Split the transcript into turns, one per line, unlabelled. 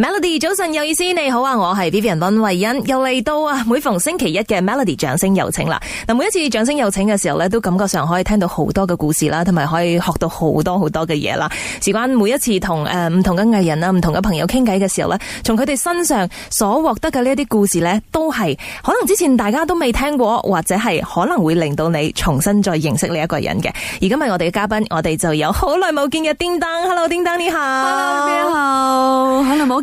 Melody，早晨，有意思你好啊！我係 Vivian 溫慧欣，又嚟到啊！每逢星期一嘅 Melody 掌聲有請啦！嗱，每一次掌聲有請嘅時候咧，都感覺上可以聽到好多嘅故事啦，同埋可以學到好多好多嘅嘢啦。事關每一次同、呃、唔同誒唔同嘅藝人啊、唔同嘅朋友傾偈嘅時候咧，從佢哋身上所獲得嘅呢一啲故事咧，都係可能之前大家都未聽過，或者係可能會令到你重新再認識呢一個人嘅。而今日我哋嘅嘉賓，我哋就有好耐冇見嘅叮噹，Hello 叮噹你好，Hello 你好，好耐冇。